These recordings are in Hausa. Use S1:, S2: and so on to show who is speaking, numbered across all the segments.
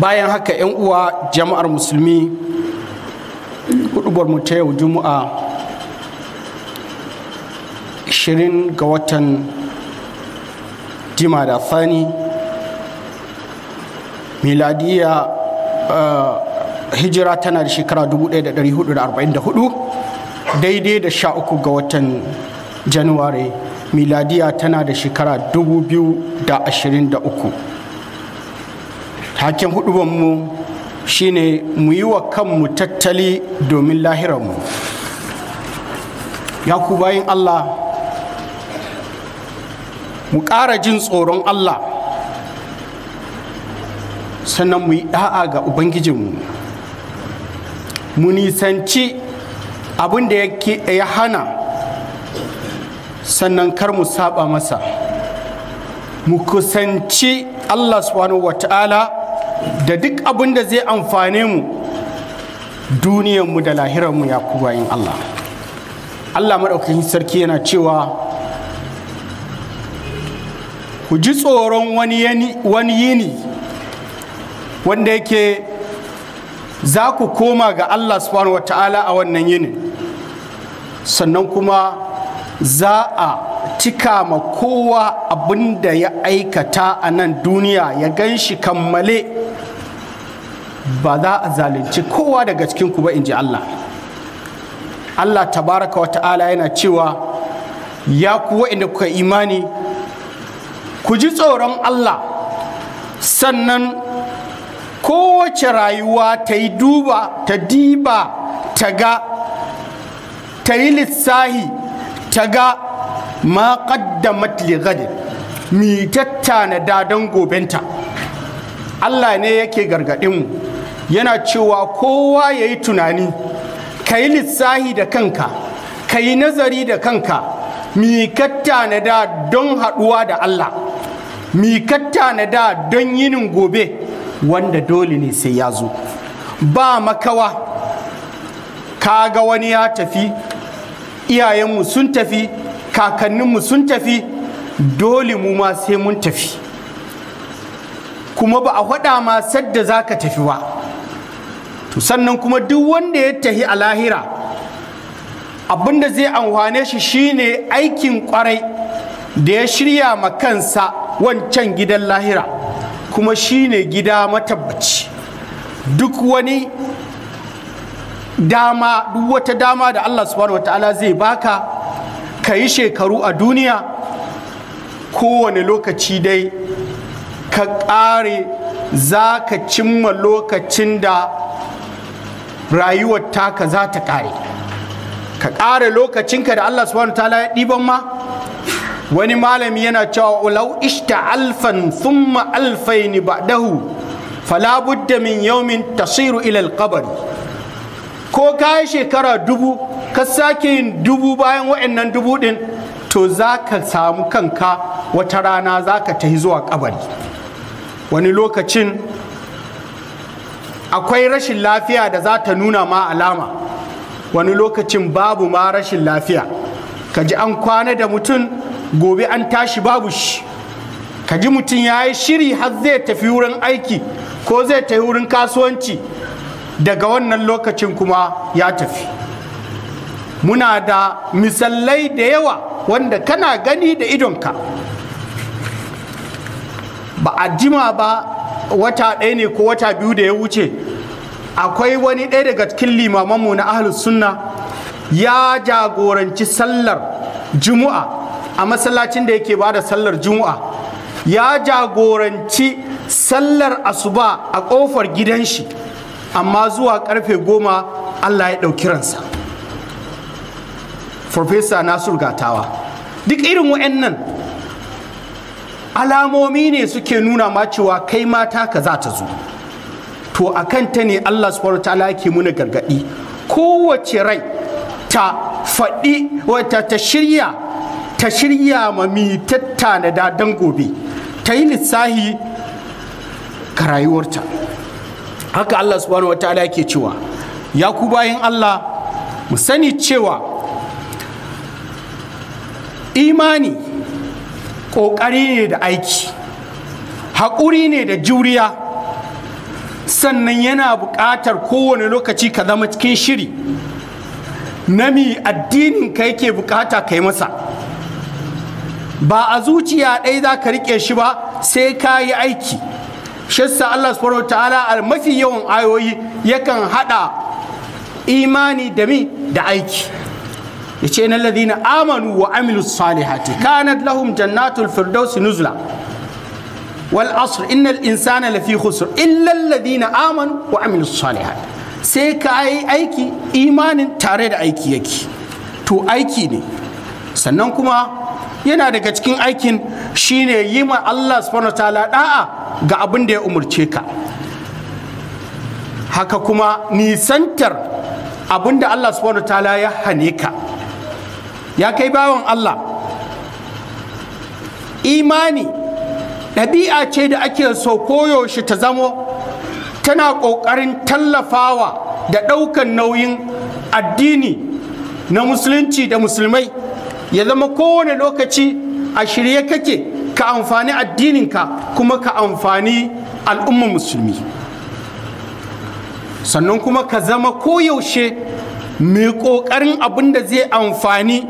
S1: bayan haka 'yan uwa jama'ar musulmi hudubar mu ta yau juma'a 20 ga watan jima da fani miladiya eh, hijira tana da shekara 1444 daidai da 13 ga watan januwari miladiya tana da shekara 2023 hakin hudubanmu shine mu yi wa kanmu tattali domin lahiranmu ya ku bayin allah mu ƙara jin tsoron allah sannan mu yi da'a ga ubangijinmu mu nisanci abin da ya hana sannan kar mu saba masa mu kusanci allah subhanahu wa ta'ala da duk abin da zai amfane mu duniyarmu da lahiranmu ya ku yin Allah Allah maɗaukakin sarki yana cewa ku ji tsoron wani yini wanda yake za ku koma ga Allah subhanahu wa ta'ala a wannan yini. sannan kuma za a cika ma kowa abin da ya aikata a nan duniya ya gan shi kammale ba za a zalunci kowa daga cikinku ba in ji Allah Allah tabaraka wa ta'ala yana cewa ya kuwa inda kuka imani ku ji tsoron Allah sannan kowace rayuwa ta yi duba ta diba ta ga ta yi lissahi ta ga ma qaddamat li gadi mi tattana dadan gobenta Allah ne yake gargaɗin mu yana cewa kowa ya yi tunani ka yi lissahi da kanka ka yi nazari da kanka mi kattana da don haɗuwa da Allah mi na da don yinin gobe wanda dole ne sai ya zo ba makawa ga wani ya tafi iyayenmu sun tafi kakanninmu sun tafi dole mu ma sai mun tafi kuma ba a faɗa ma sadda za ka tafi ba sannan kuma duk wanda ya tafi a lahira abinda zai amfane shi shine aikin kwarai da ya shirya ma kansa wancan gidan lahira kuma shine gida matabbaci duk wani dama duk wata dama da Allah subhanahu ta'ala zai baka ka yi shekaru a duniya kowane lokaci dai ka ƙare za ka cimma lokacin da rayuwar taka za ta ƙare ka ƙare lokacinka da Allah subhanahu ta'ala ya ɗiban ma wani malami yana cewa ulau ishta alfan thumma alfaini ba'dahu fala budda min yawmin tasiru ila alqabr ko kai shekara dubu ka sake yin dubu bayan wa'annan dubu din to za ka samu kanka wata rana za ka tahi zuwa kabari wani lokacin akwai rashin lafiya da za ta nuna ma alama wani lokacin babu ma rashin lafiya ka ji an kwana da mutum gobe an tashi babu shi ka ji mutum ya yi shiri har zai tafi wurin aiki ko zai tafi wurin kasuwanci daga wannan lokacin kuma ya tafi muna da misallai da yawa wanda kana gani da idonka ba a jima ba wata ɗaya ne ko wata biyu da ya wuce akwai wani ɗaya daga cikin limamanmu na ahlus sunna ya jagoranci sallar jumu'a a masallacin da yake ba da sallar jumu'a. ya jagoranci sallar asuba a ƙofar gidan shi amma zuwa ƙarfe goma allah ya ɗauki ransa Profesa Nasir Gatawa duk irin wa'annan alamomi ne suke nuna ma cewa kai mata ka za ta zo to a kanta ne Allah subhanahu ta'ala yake muna gargadi kowace rai ta faɗi wata ta shirya ta shirya ma mi tattana da dan gobe ta yi lissahi ka rayuwarta haka Allah subhanahu ta'ala yake cewa ya ku bayan Allah mu sani cewa imani ƙoƙari ne da aiki haƙuri ne da juriya sannan yana buƙatar kowane lokaci ka zama cikin shiri Na nami addinin ka yake buƙata ka yi masa ba a zuciya ɗaya za ka riƙe shi ba sai ka yi aiki shassa Allah subhanahu ta'ala a mafi yawan ayoyi yakan haɗa imani da mi da aiki ya ce na ladina amanu wa amilu salihati kanat lahum jannatul firdausi nuzula wal asr innal insana lafi khusr illa alladhina amanu wa amilu salihat sai ka yi aiki imanin tare da aiki yake to aiki ne sannan kuma yana daga cikin aikin shine yi ma Allah subhanahu ta'ala da'a ga abin da ya umarce ka haka kuma nisantar abin da Allah subhanahu ta'ala ya hane ka ya kai bawan Allah imani ɗabi'a ce da ake so koyaushe ta zamo tana ƙoƙarin tallafawa da ɗaukan nauyin addini na musulunci da musulmai ya zama kowane lokaci a shirye kake ka amfani addininka kuma ka amfani al'umma musulmi sannan kuma ka zama koyaushe mai ƙoƙarin abin da zai amfani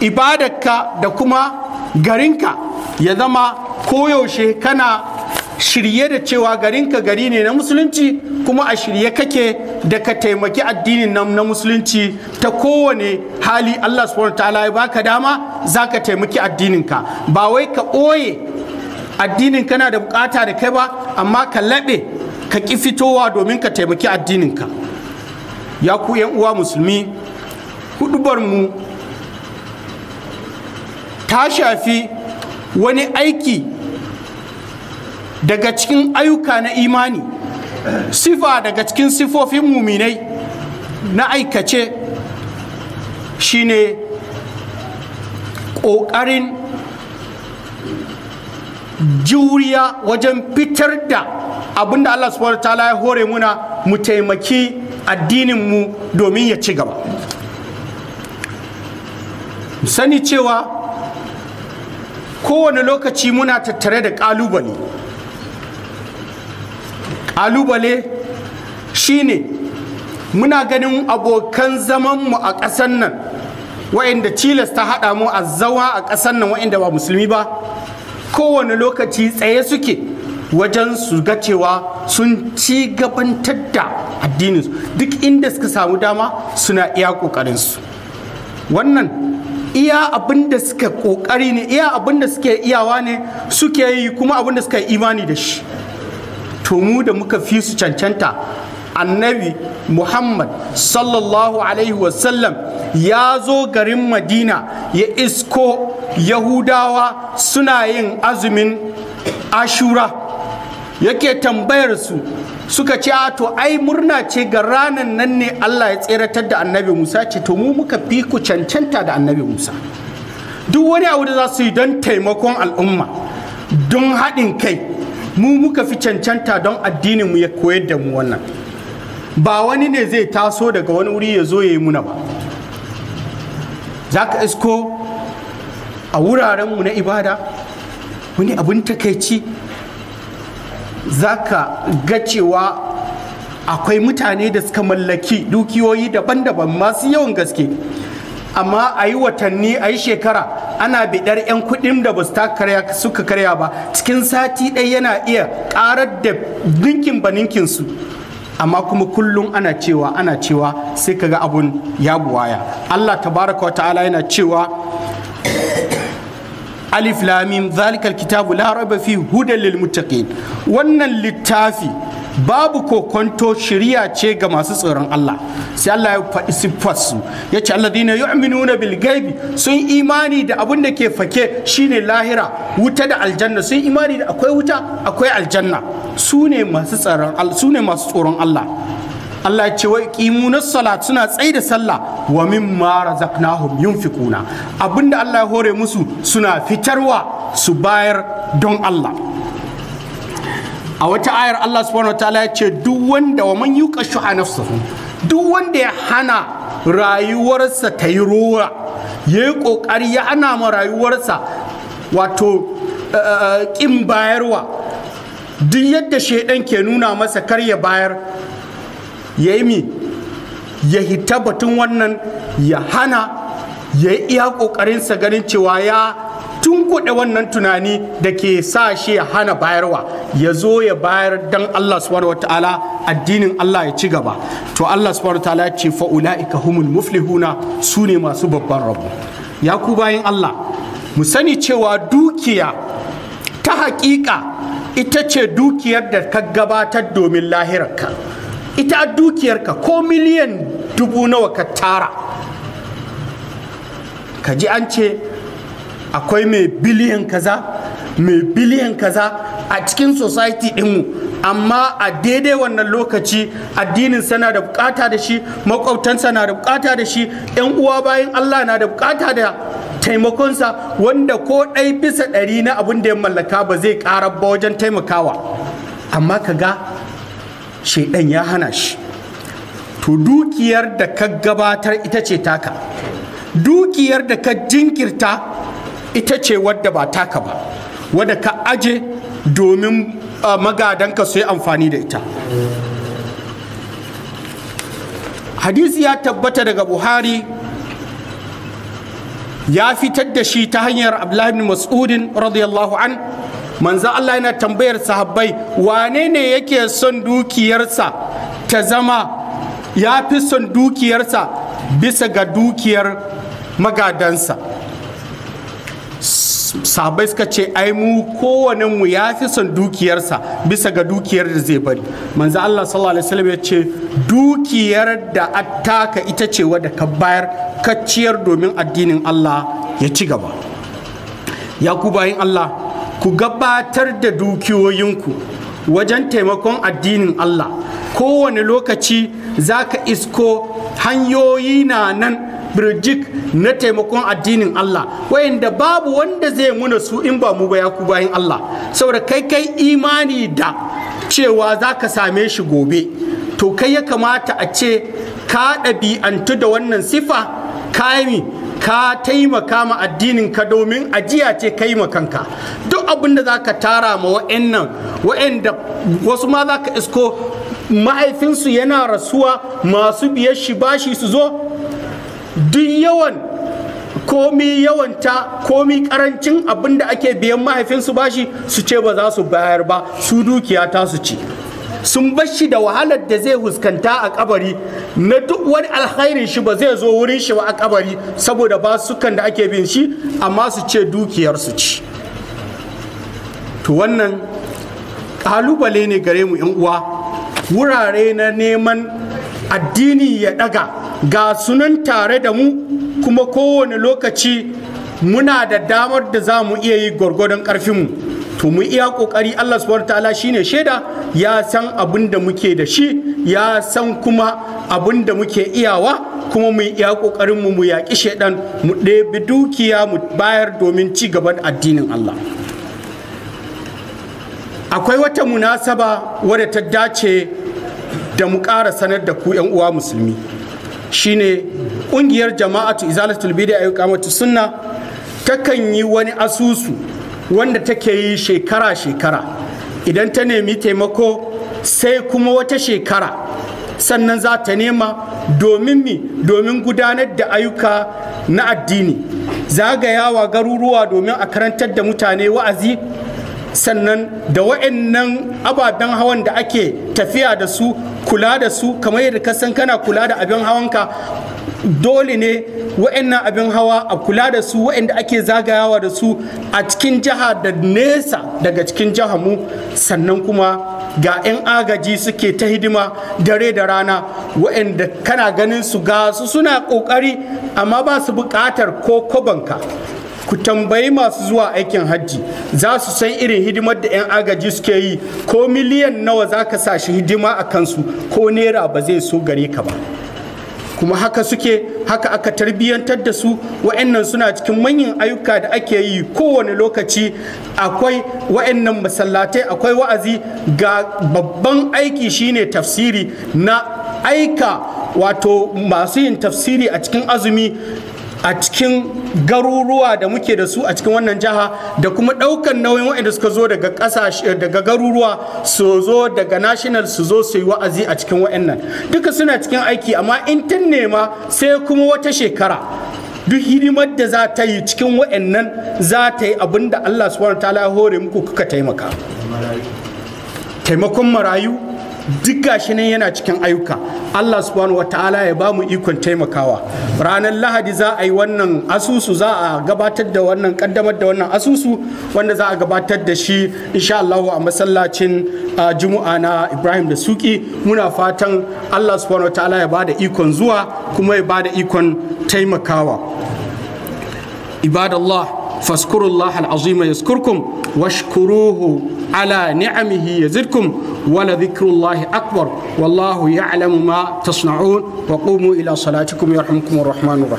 S1: ibadarka da kuma garinka ya zama koyaushe kana shirye da cewa garinka gari ne na musulunci kuma a shirye kake da ka taimaki addinin nan na musulunci ta kowane hali Allah subhanahu ta'ala ya baka dama za ka taimaki addininka ba wai ka ɓoye addinin kana da bukata da kai ba amma ka laɓe ka ƙi fitowa domin ka taimaki addininka ya ku uwa musulmi hudubar mu ta shafi wani aiki daga cikin ayyuka na imani sifa daga cikin sifofin muminai na aikace shine ƙoƙarin juriya wajen fitar da abinda Allah subhanahu ta'ala ya hore muna mu taimaki addininmu domin ya ci gaba sani cewa kowane lokaci muna tattare da ƙalubale ƙalubale shine muna ganin abokan zamanmu a ƙasar nan wa'inda tilas ta haɗa mu a zawa a ƙasar nan wa'inda ba musulmi ba kowane lokaci tsaye suke wajen su ga cewa sun ci gabantar da addininsu duk inda suka samu dama suna iya ƙoƙarinsu wannan iya abin da suka kokari ne iya abin da suke iyawa ne suke yi kuma abin da suka imani da shi to mu da muka fi su cancanta annabi muhammad sallallahu alaihi wasallam ya zo garin madina ya isko yahudawa suna yin azumin ashura yake tambayar su suka ce a to ai murna ce ga ranan nan ne Allah ya tseratar da annabi Musa ce to mu muka fi ku cancanta da annabi Musa duk wani abu da za su yi don taimakon al'umma don haɗin kai mu muka fi cancanta don addinin mu ya koyar da mu wannan ba wani ne zai taso daga wani wuri ya zo ya yi muna ba za ka isko a wurarenmu na ibada wani abin takaici za ka ga cewa akwai mutane da suka mallaki dukiyoyi daban-daban masu yawan gaske amma a yi watanni a yi shekara ana bidar 'yan kudin da ba su suka karya ba cikin sati ɗaya yana iya ƙarar da ninkin ba ninkinsu amma kuma kullum ana cewa ana cewa sai kaga abun ya buwaya Allah tabaraka wa ta'ala yana cewa alif lamim zalikal kitabu la raiba fi hudan lil muttaqin wannan littafi babu kokonto shiriya ce ga masu tsoron Allah sai Allah ya faɗi siffar ya ce alladhina yu'minuna bil ghaibi sun imani da abin da ke fake shine lahira wuta da aljanna sun imani da akwai wuta akwai aljanna su ne masu tsoron Allah Allah ya ce wai kimunan salat suna tsaye da sallah wa min mimma razaqnahum yunfiquna abinda Allah ya hore musu suna fitarwa su bayar don Allah a wata ayar Allah subhanahu wataala ya ce duk wanda wa man yuqa shuha nafsihi duk wanda ya hana rayuwarsa ta yi ruwa ya yi kokari ya hana ma rayuwarsa wato eh, eh, ƙin bayarwa duk yadda shaidan ke nuna masa kar ya bayar ya yi mi ya hita batun wannan ya hana ya yi iya ƙoƙarinsa ganin cewa ya tun kuɗe wannan tunani da ke sa shi ya hana bayarwa ya zo ya bayar dan Allah subhanahu wata'ala addinin Allah ya ci gaba to Allah subhanahu wata'ala ya ce fa'ula'ika humul muflihuna su ne masu babban rabu ya ku bayan Allah mu sani cewa dukiya ta haƙiƙa ita ce dukiyar da ka gabatar domin lahirar ka. ita dukiyarka ko miliyan dubu nawa ka tara ka ji an ce akwai mai biliyan kaza mai biliyan kaza a cikin society dinmu amma a daidai wannan lokaci addinin sana da bukata da shi makwabtansa na da bukata da shi yan uwa bayan allah na da bukata da taimakonsa wanda ko ɗai bisa ɗari na abin da ya mallaka ba zai ƙara ba wajen taimakawa amma ka ga shaidan ya hana shi to dukiyar da ka gabatar ita ce taka dukiyar da ka jinkirta ita ce wadda ba taka ba wadda ka aje domin magadanka su yi amfani da ita hadisi ya tabbata daga buhari ya fitar da shi ta hanyar abdullahi mas'udin radiyallahu an manzo Allah yana tambayar sahabbai wane ne yake son dukiyarsa ta zama ya fi son dukiyarsa bisa ga dukiyar magadansa sahabbai suka ce ai mu kowane mu ya fi son dukiyarsa bisa ga dukiyar da zai bari manzo Allah sallallahu alaihi wasallam ya ce dukiyar da attaka ita ce wadda ka bayar ka ciyar domin addinin Allah ya ci gaba Yakubu ayin Allah ku gabatar da dukiyoyinku wajen taimakon addinin Allah kowane lokaci za ka isko hanyoyi na nan birjik na taimakon addinin Allah wayanda babu wanda zai muna su in ba mu ba ya ku bayan Allah saboda kai kai imani da cewa za ka same shi gobe to kai ya kamata a ce ka ɗabi'antu da wannan sifa kami ka taimaka ma addinin ka domin ajiya ce kai ma kanka duk abin da zaka tara ma wa'annan wa'anda wasu ma zaka isko mahaifinsu yana rasuwa masu biyar shi bashi su zo duk yawan komi yawanta komi karancin abin da ake biyan mahaifinsu bashi su ce ba za su bayar ba su dukiya ta su ci sun bar shi da wahalar da zai huskanta a kabari na duk wani alkhairin shi ba zai zo wurin shi ba a kabari saboda ba sukan da ake bin shi amma su ce dukiyar su ci to wannan kalubale ne gare mu yan uwa wurare na neman addini ya daga ga sunan tare da mu kuma kowane lokaci muna da damar da za mu iya yi gwargwadon ƙarfinmu to mu iya kokari Allah subhanahu ta'ala shine shaida ya san abin da muke da shi ya san kuma abin da muke iyawa kuma mu iya kokarin mu mu yaki shaidan mu ɗebi dukiya mu bayar domin ci gaban addinin Allah akwai wata munasaba wadda ta dace da mu ƙara sanar da ku 'yan uwa musulmi shine ƙungiyar jama'atu izalatul bid'a ayyukamatu sunna takan yi wani asusu wanda take yi shekara-shekara idan ta nemi taimako sai kuma wata shekara sannan za ta nema domin mi domin gudanar da ayyuka na addini zagayawa garuruwa domin a karantar da mutane wa'azi sannan da wa'annan ababen hawan da ake tafiya da su kula da su kamar yadda ka san kana kula da abin hawanka dole ne wa'annan abin hawa a kula da su wa'anda ake zagayawa da su a cikin jiha da nesa daga cikin jiha mu sannan kuma ga 'yan agaji suke ta hidima dare da rana wa'anda kana ganin su ga su suna ƙoƙari, amma ba su bukatar ko kobanka ku tambayi masu zuwa aikin hajji za su san irin hidimar da 'yan agaji suke yi ko miliyan nawa za ka sa shi hidima a kansu ko naira ba zai so gare ka ba kuma haka suke haka aka tarbiyyantar da su wa'annan suna cikin manyan ayyuka da ake yi kowane lokaci akwai wa'annan masallatai akwai wa'azi ga babban aiki shine tafsiri na aika wato masu yin tafsiri a cikin azumi a cikin garuruwa da muke da su a cikin wannan jiha da kuma ɗaukan nauyin waɗanda suka zo daga ƙasashe daga garuruwa su zo daga national su zo su yi wa'azi a cikin waɗannan duka suna cikin aiki amma in tun nema sai kuma wata shekara duk hidimar da za ta yi cikin waɗannan za ta yi abin da Allah subhanahu wataala ya hore muku kuka taimaka taimakon marayu duk gashi nan yana cikin ayyuka Allah subhanahu wataala ya bamu ikon taimakawa ranar lahadi za a yi wannan asusu za a gabatar da wannan kaddamar da wannan asusu wanda za a gabatar da shi insha Allah a masallacin juma'a na Ibrahim da Suki muna fatan Allah subhanahu wataala ya ba da ikon zuwa kuma ya ba da ikon taimakawa ibadallah faskurullah al'azima yaskurkum washkuruhu ala ni'amihi yazidkum wala dhikrullahi akbar wallahu ya'lamu ma tasna'un wa qumu ila salatikum yarhamkumur rahmanur rahim